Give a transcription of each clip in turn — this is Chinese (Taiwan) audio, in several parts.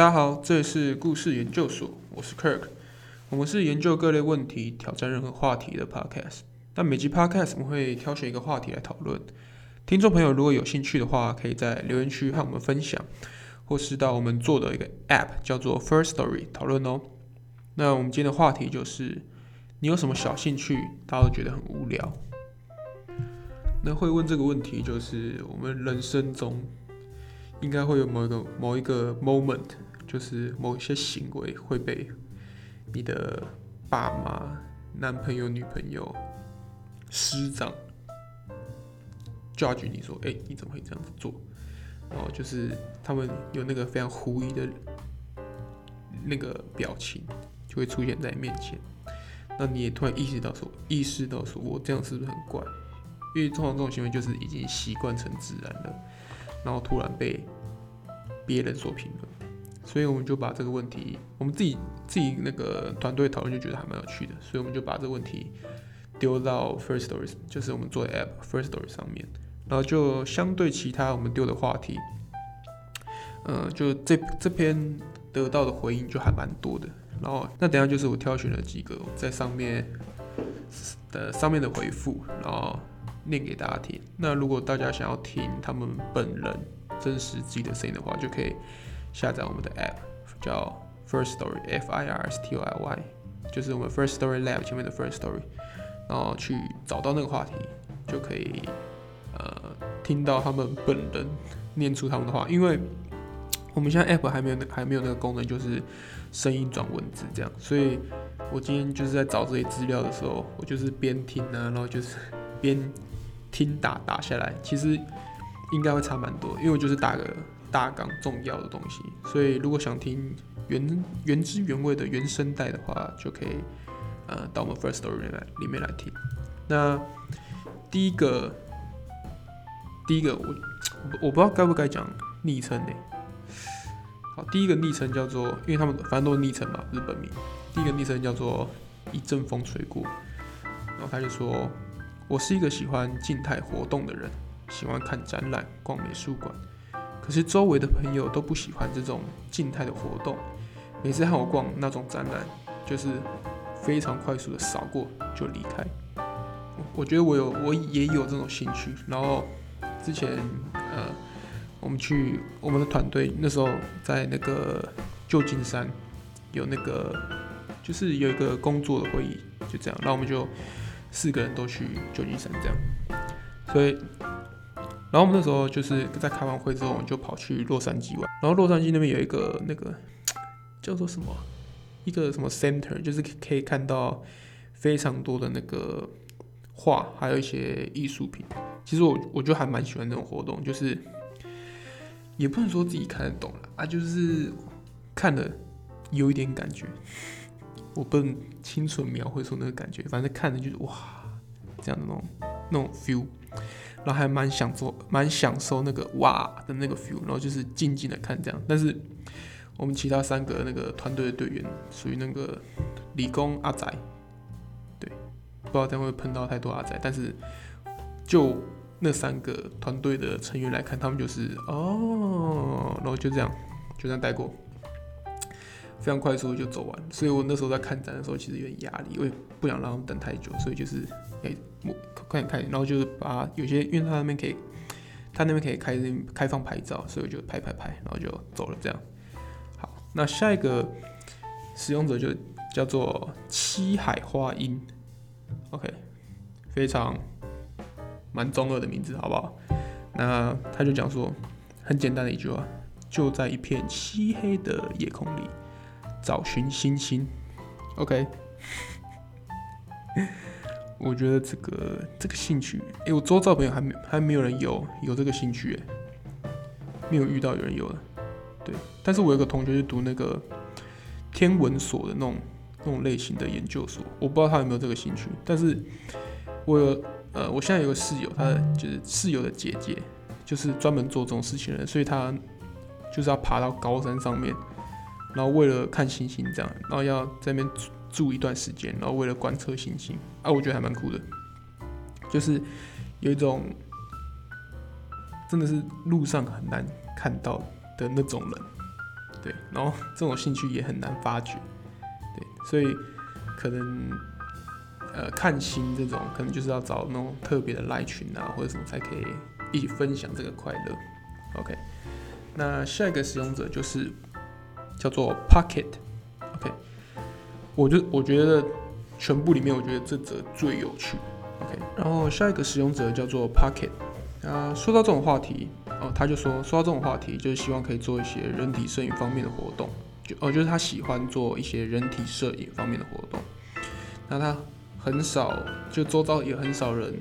大家好，這裡是故事研究所，我是 Kirk。我們是研究各類問題、挑戰任何話題的 podcast。但每集 podcast 我們會挑選一個話題來討論。聽眾朋友如果有興趣的話，可以在留言區和我們分享，或是到我們做的一個 app 叫做 Firstory 討論哦。那我們今天的話題就是：你有什麼小興趣，大家都覺得很無聊？那會問這個問題，就是我們人生中應該會有某一個某一個 moment。就是某一些行為會被你的爸媽、男朋友、女朋友、師長 judge 你說：“哎、欸，你怎麼會這樣子做？”然後就是他們有那個非常狐疑的、那個表情就會出現在你面前，那你也突然意識到說：“意識到說我這樣是不是很怪？”因為通常這種行為就是已經習慣成自然了，然後突然被別人所評論。所以我們就把這個問題，我們自己自己那個團隊討論就覺得還蠻有趣的，所以我們就把這個問題丟到 Firstory，就是我們做的 App Firstory 上面，然後就相對其他我們丟的話題，呃，就這這篇得到的回應就還蠻多的。然後那等一下就是我挑選了幾個在上面的上面的回復，然後念給大家聽。那如果大家想要聽他們本人真實自己的聲音的話，就可以。下載我們的 App，叫 Firstory，F I R S T O I Y，就是我們 Firstory Lab 前面的 Firstory，然後去找到那個話題，就可以呃聽到他們本人念出他們的話。因為我們現在 App 還沒有還沒有那個功能，就是聲音轉文字這樣，所以我今天就是在找這些資料的時候，我就是邊聽呢、啊，然後就是邊聽打打下來，其實應該會差蠻多，因為我就是打個。大綱重要的東西，所以如果想聽原原汁原味的原聲帶的話，就可以呃到我們 Firstory 裡面來裡面來聽。那第一個第一個我我不知道該不該講昵稱呢？好，第一個昵稱叫做，因為他們反正都是昵稱嘛，日本名。第一個昵稱叫做一陣風吹過，然後他就說：“我是一個喜歡靜態活動的人，喜歡看展覽、逛美術館。”其實周圍的朋友都不喜歡這種靜態的活動，每次和我逛那種展覽，就是非常快速的掃過就離開。我覺得我有，我也有這種興趣。然後之前呃，我們去我們的團隊那時候在那個舊金山有那個，就是有一個工作的會議，就這樣，那我們就四個人都去舊金山這樣，所以。然後我們那時候就是在開完會之後，我們就跑去洛杉磯玩。然後洛杉磯那邊有一個那個叫做什麼，一個什麼 center，就是可以看到非常多的那個畫，還有一些藝術品。其實我我就還蠻喜歡那種活動，就是也不能說自己看得懂了啊，就是看得有一點感覺，我不能清楚描繪出那個感覺，反正看着就是哇，這樣的那種。那種 feel，然後還蠻享受，蠻享受那個哇的那個 feel，然後就是靜靜的看這樣。但是我們其他三個那個團隊的隊員屬於那個理工阿仔，對，不知道這樣會不會碰到太多阿仔。但是就那三個團隊的成員來看，他們就是哦，然後就這樣就這樣帶過，非常快速的就走完。所以我那時候在看展的時候其實有點壓力，因為不想讓他們等太久，所以就是哎我。快點開！然後就是把有些，因為他那邊可以，他那邊可以開開放拍照，所以我就拍拍拍，然後就走了這樣。好，那下一個使用者就叫做七海花音，OK，非常蠻中二的名字，好不好？那他就講說，很簡單的一句話，就在一片漆黑的夜空裡找尋星星，OK。 我覺得這個這個興趣，誒、欸，我周遭朋友還沒還沒有人有有這個興趣、欸，誒，沒有遇到有人有的。對，但是我有個同學就讀那個天文所的那種那種類型的研究所，我不知道他有沒有這個興趣。但是我有，我呃，我現在有個室友，他就是室友的姐姐，就是專門做這種事情的，所以他就是要爬到高山上面，然後為了看星星這樣，然後要在那邊住一段時間，然後為了觀測星星。啊，我覺得還蠻酷的，就是有一種真的是路上很難看到的那種人，對，然後這種興趣也很難發掘，對，所以可能呃看心這種，可能就是要找那種特別的賴群啊，或者什麼才可以一起分享這個快樂。OK，那下一個使用者就是叫做 Pocket。OK，我覺我覺得。全部裡面，我覺得這則最有趣。OK，然後下一個使用者叫做 Pocket。啊，說到這種話題，哦，他就說，說到這種話題，就是希望可以做一些人體攝影方面的活動，就哦，就是他喜歡做一些人體攝影方面的活動。那他很少，就周遭也很少人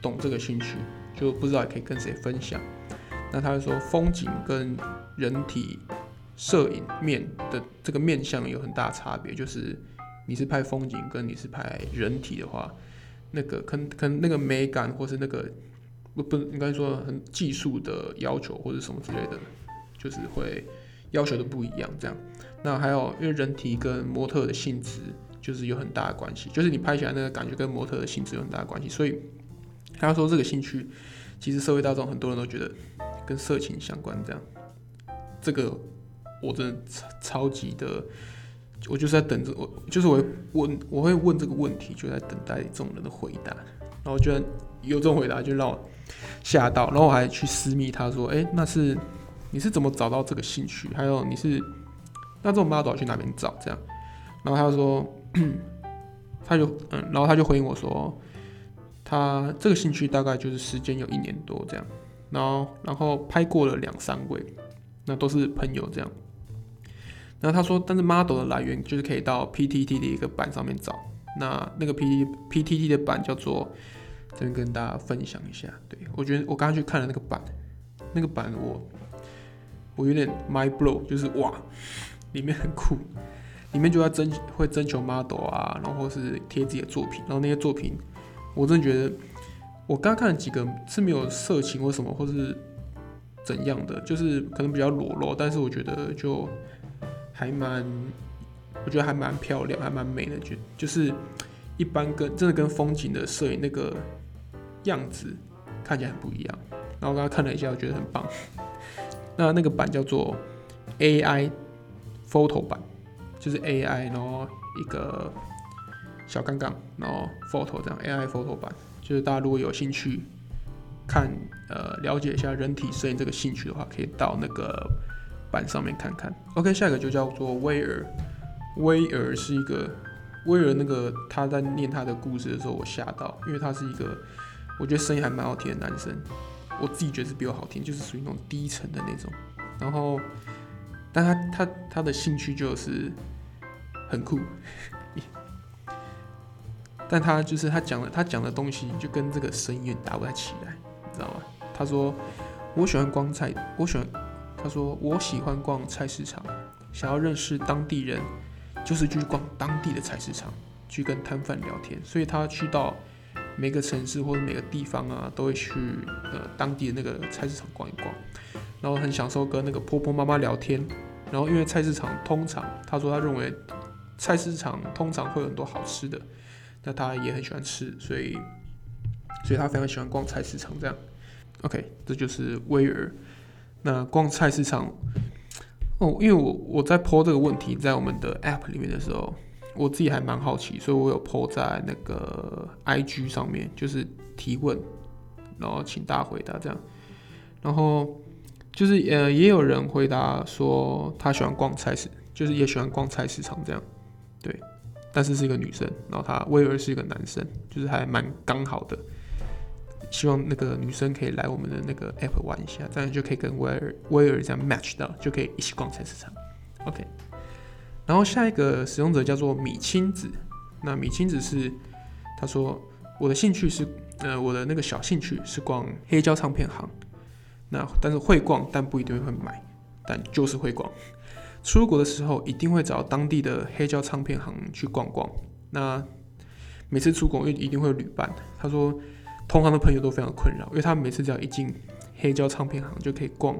懂這個興趣，就不知道也可以跟誰分享。那他就說，風景跟人體攝影面的這個面向有很大的差別，就是。你是拍風景跟你是拍人體的話，那個肯肯那個美感或是那個不不應該說很技術的要求或者什麼之類的，就是會要求都不一樣這樣。那還有因為人體跟模特的性質就是有很大的關係，就是你拍起來那個感覺跟模特的性質有很大的關係。所以他說這個興趣，其實社會大眾很多人都覺得跟色情相關這樣，這個我真的超超級的。我就是在等着，我就是我問，我會問這個問題，就在等待這種人的回答，然後居然有這種回答就讓我嚇到，然後我還去私密他說，哎、欸，那是你是怎麼找到這個興趣？還有你是那這種 model 去哪邊找？這樣，然後他就說，他就嗯，然後他就回應我說，他這個興趣大概就是時間有一年多這樣，然後然後拍過了兩三位，那都是朋友這樣。然後他說，但是 model 的來源就是可以到 PTT 的一個板上面找。那那個 PTT PTT 的板叫做，這邊跟大家分享一下。對我覺得我剛剛去看了那個板，那個板我我有點 my blow，就是哇，裡面很酷，裡面就要徵會徵求 model 啊，然後是貼自己的作品，然後那些作品，我真的覺得我剛剛看了幾個是沒有色情或什麼或是怎樣的，就是可能比較裸露，但是我覺得就。還蠻，我覺得還蠻漂亮，還蠻美的，就就是一般跟真的跟風景的攝影那個樣子看起來很不一樣。然後我剛剛看了一下，我覺得很棒。那那個版叫做 AI Photo 版，就是 AI 然後一個小槓槓，然後 Photo 這樣，AI Photo 版，就是大家如果有興趣看，呃，了解一下人體攝影這個興趣的話，可以到那個。板上面看看，OK，下一個就叫做威爾。威爾是一個，威爾那個他在念他的故事的時候，我嚇到，因為他是一個我覺得聲音還蠻好聽的男生，我自己覺得是比我好聽，就是屬於那種低沉的那種。然後，但他他他，他的興趣就是很酷， 但他就是他講的他講的東西就跟這個聲音搭不太起來，你知道嗎？他說我喜歡逛菜，我喜歡。他說：“我喜歡逛菜市場，想要認識當地人，就是去逛當地的菜市場，去跟攤販聊天。所以他去到每個城市，或者每個地方啊，都會去呃當地的那個菜市場逛一逛，然後很享受跟那個婆婆媽媽聊天。然後因為菜市場通常，他說他認為菜市場通常會有很多好吃的，那他也很喜歡吃，所以所以他非常喜歡逛菜市場。這樣，OK，這就是威爾。”那逛菜市場，哦，因為我我在 po 這個問題在我們的 App 裡面的時候，我自己還蠻好奇，所以我有 po 在那個 IG 上面，就是提問，然後請大家回答這樣，然後就是呃，也有人回答說他喜歡逛菜市，就是也喜歡逛菜市場這樣，對，但是是一個女生，然後他我以為是一個男生，就是還蠻剛好的。希望那個女生可以來我們的那個 app 玩一下，這樣就可以跟威爾威爾這樣 match 到，就可以一起逛菜市場。OK。然後下一個使用者叫做米青子，那米青子是他說我的興趣是呃，我的那個小興趣是逛黑膠唱片行，那但是會逛，但不一定會買，但就是會逛。出國的時候一定會找當地的黑膠唱片行去逛逛。那每次出國又一定會旅伴，他說。同行的朋友都非常困擾，因為他每次只要一進黑膠唱片行就可以逛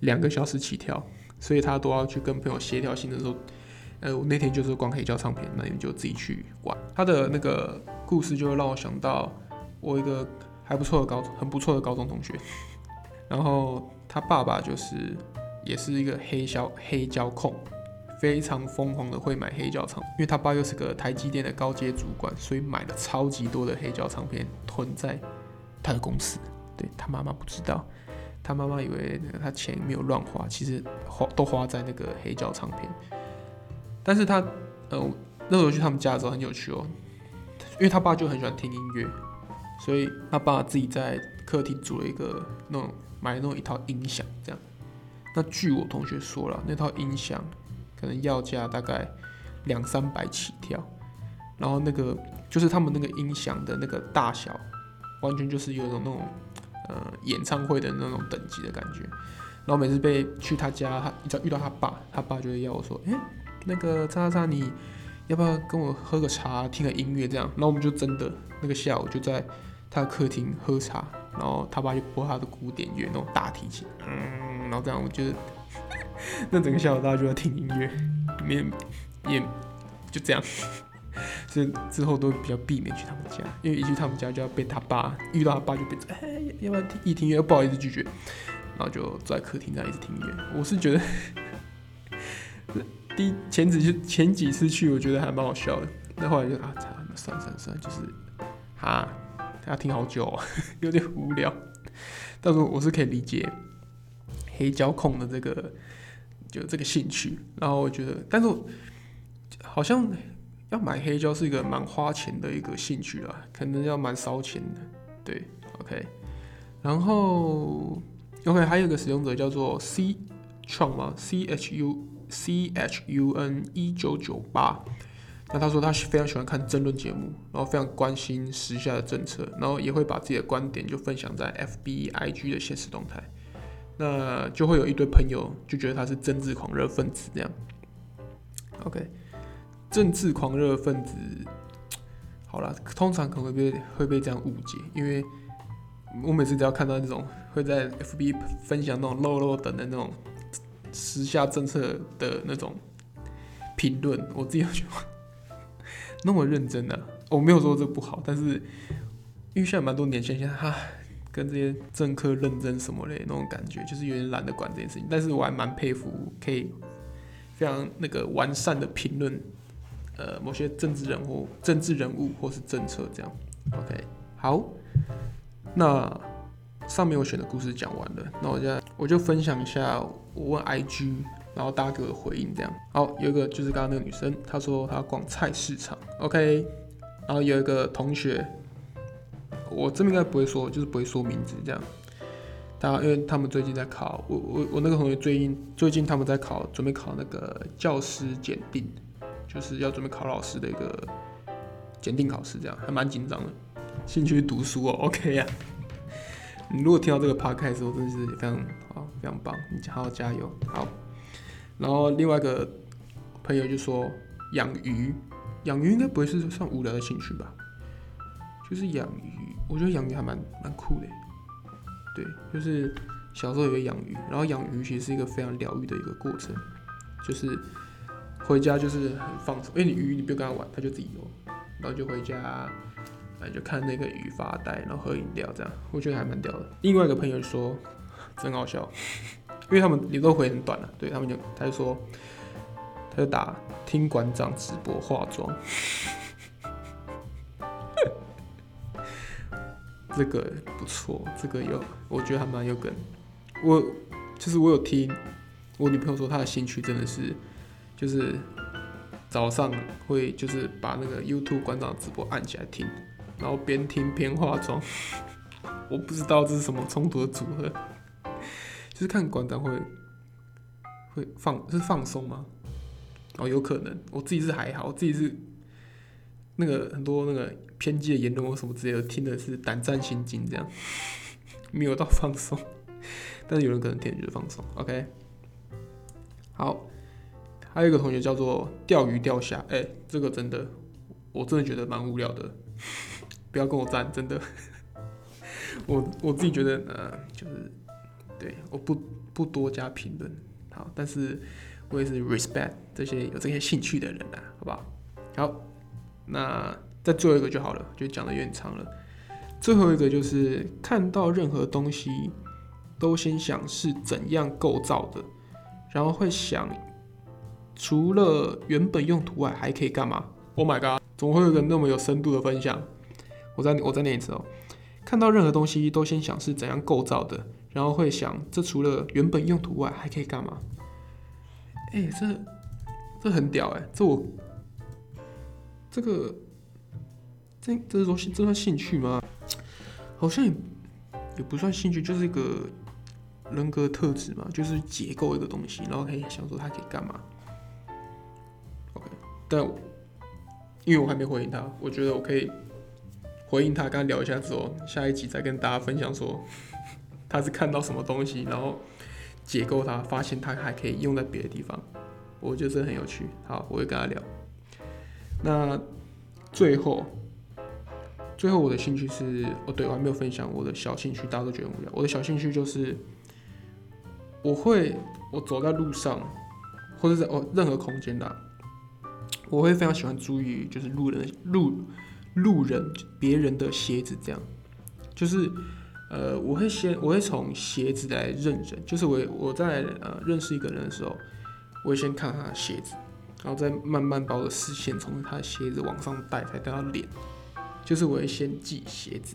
兩個小時起跳，所以他都要去跟朋友協調行程的時候，呃，我那天就是逛黑膠唱片，那你們就自己去玩。他的那個故事就會讓我想到我一個還不錯的高、很不錯的高中同學，然後他爸爸就是也是一個黑銷、黑膠控。非常瘋狂的會買黑膠唱片，因為他爸又是個台積電的高階主管，所以買了超級多的黑膠唱片，囤在他的公司。對，他媽媽不知道，他媽媽以為他錢沒有亂花，其實花都花在那個黑膠唱片。但是他，呃，那時候去他們家的時候很有趣哦、喔，因為他爸就很喜歡聽音樂，所以他爸自己在客廳組了一個那種買了那種一套音響這樣。那據我同學說了，那套音響，可能要價大概兩三百起跳，然後那個就是他們那個音響的那個大小，完全就是有一種那種呃演唱會的那種等級的感覺。然後每次被去他家，他一到遇到他爸，他爸就會要我說，誒，那個叉叉叉，你要不要跟我喝個茶，聽個音樂這樣？然後我們就真的那個下午就在他的客廳喝茶，然後他爸就播他的古典樂那種大提琴，嗯，然後這樣我就是。那整個下午大家就在聽音樂，也也就這樣， 所以之後都比較避免去他們家，因為一去他們家就要被他爸遇到，他爸就變成哎、欸，要不然一,一聽音樂不好意思拒絕，然後就坐在客廳這樣一直聽音樂。我是覺得， 第一前幾就前幾次去我覺得還蠻好笑的，那後來就啊，算了算了算了，就是啊，他要聽好久，哦， 有點無聊。但是我是可以理解黑膠控的這個。就這個興趣，然後我覺得，但是好像要買黑膠是一個蠻花錢的一個興趣啦，可能要蠻燒錢的。對，OK，然後 OK，還有一個使用者叫做 C 創嗎 C H U C H U N 一九九八，那他說他非常喜歡看爭論節目，然後非常關心時下的政策，然後也會把自己的觀點就分享在 F B I G 的限時動態。那就會有一堆朋友就覺得他是政治狂熱分子這樣。OK，政治狂熱分子，好了，通常可能會被會被這樣誤解，因為我每次只要看到那種會在 FB 分享那種漏漏等的那種時下政策的那種評論，我自己都覺得那麼認真呢、啊。我沒有說這不好，但是遇上蠻多年輕人哈。現在他跟這些政客認真什麼的那種感覺就是有點懶得管這件事情。但是我還蠻佩服，可以非常那個完善的評論，呃，某些政治人物、政治人物或是政策這樣。OK，好，那上面我選的故事講完了，那我就我就分享一下，我問 IG，然後大家給我回應這樣。好，有一個就是剛剛那個女生，她說她要逛菜市場。OK，然後有一個同學。我這邊應該不會說，就是不會說名字這樣。他因為他們最近在考，我我我那個同學最近最近他們在考，準備考那個教師檢定，就是要準備考老師的一個檢定考試，這樣還蠻緊張的。興趣讀書哦、喔，OK 呀、啊。 你如果聽到這個 Podcast 的時候，真的是非常好，非常棒，你好好加油，好。然後另外一個朋友就說養魚，養魚應該不會是算無聊的興趣吧？就是養魚。我覺得養魚還蠻蠻酷的，對，就是小時候也會養魚，然後養魚其實是一個非常療癒的一個過程，就是回家就是很放鬆，因、欸、為你魚你不要跟他玩，他就自己游，然後就回家，然後就看那個魚發呆，然後喝飲料這樣，我覺得還蠻屌的。另外一個朋友說，真好笑，因為他們你都回很短了，對他們就他就說，他就打聽館長直播化妝。這個不錯，這個有，我覺得還蠻有梗。我就是我有聽我女朋友說她的興趣真的是，就是早上會就是把那個 YouTube 館長直播按起來聽，然後邊聽邊化妝。 我不知道這是什麼衝突的組合，就是看館長會會放是放鬆嗎？哦，有可能。我自己是還好，我自己是。那個很多那個偏激的言論或什麼之類的，聽的是膽戰心驚，這樣沒有到放鬆。但是有人可能聽覺得放鬆，OK？好，還有一個同學叫做釣魚釣蝦，哎，這個真的，我真的覺得蠻無聊的，不要跟我贊，真的。我我自己覺得，呃，就是對，我不不多加評論，好。但是我也是 respect 這些有這些興趣的人吶、啊，好不好？好。那再最後一個就好了，就講的有點長了。最後一個就是看到任何東西都先想是怎樣構造的，然後會想除了原本用途外還可以幹嘛？Oh my god！總會有個那麼有深度的分享？我再我再念一次哦。看到任何東西都先想是怎樣構造的，然後會想，這除了原本用途外還可以幹嘛？哎，這這很屌哎，這我。這個，這這是說這算興趣嗎？好像也也不算興趣，就是一個人格特質嘛，就是解構一個東西，然後可以想說他可以幹嘛。OK，但因為我還沒回應他，我覺得我可以回應他，跟他聊一下，之後，下一集再跟大家分享說呵呵他是看到什麼東西，然後解構他，發現他還可以用在別的地方。我覺得這很有趣。好，我會跟他聊。那最後，最後我的興趣是哦對，對我還沒有分享我的小興趣，大家都覺得無聊。我的小興趣就是，我會我走在路上，或者是在哦任何空間的，我會非常喜歡注意就是路人的路路人別人的鞋子，這樣就是呃我會先我會從鞋子來認人，就是我我在呃認識一個人的時候，我會先看他的鞋子。然後再慢慢把我的視線從他的鞋子往上帶，才帶到臉，就是我會先記鞋子，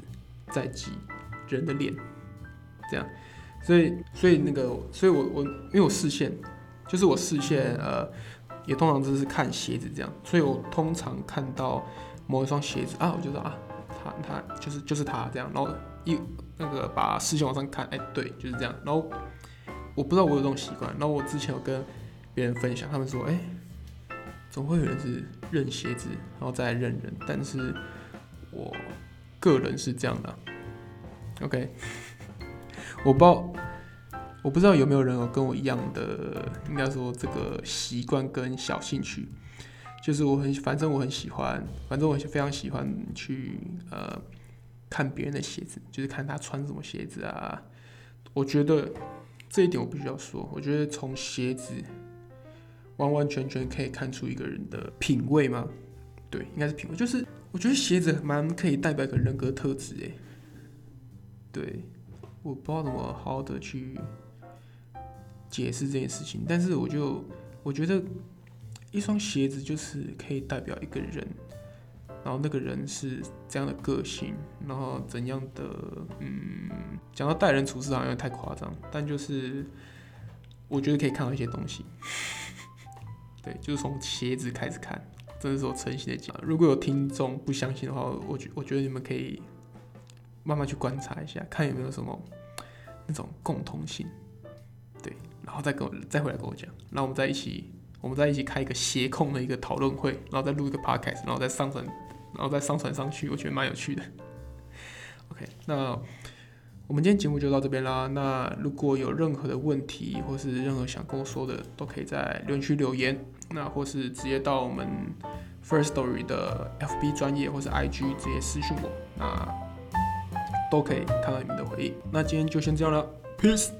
再記人的臉，這樣，所以所以那個所以我我因為我視線，就是我視線呃，也通常都是看鞋子這樣，所以我通常看到某一雙鞋子啊，我覺得啊，他他就是就是他這樣，然後一那個把視線往上看，哎對，就是這樣，然後我不知道我有這種習慣，然後我之前有跟別人分享，他們說哎。總會有人是認鞋子，然後再來認人。但是，我個人是這樣的啊。OK，我不知道，我不知道有沒有人有跟我一樣的，應該說這個習慣跟小興趣，就是我很，反正我很喜歡，反正我是非常喜歡去呃看別人的鞋子，就是看他穿什麼鞋子啊。我覺得這一點我必須要說，我覺得從鞋子，完完全全可以看出一個人的品味嗎？對，應該是品味。就是我覺得鞋子蠻可以代表一個人格特質誒。對，我不知道怎麼好好的去解釋這件事情，但是我就我覺得一雙鞋子就是可以代表一個人，然後那個人是這樣的個性，然後怎樣的嗯，講到待人處事好像有點太誇張，但就是我覺得可以看到一些東西。對，就是從鞋子開始看，這是我誠心的講，如果有聽眾不相信的話，我覺我覺得你們可以慢慢去觀察一下，看有沒有什麼那種共同性，對，然後再跟我再回來跟我講，然後我們再一起，我們再一起開一個鞋控的一個討論會，然後再錄一個 Podcast，然後再上傳，然後再上傳上去，我覺得蠻有趣的。OK，那，我們今天節目就到這邊啦。那如果有任何的問題或是任何想跟我說的，都可以在留言區留言，那或是直接到我們 Firstory 的 FB 專頁或是 IG 直接私訊我，那都可以看到你們的回應。那今天就先這樣了，Peace。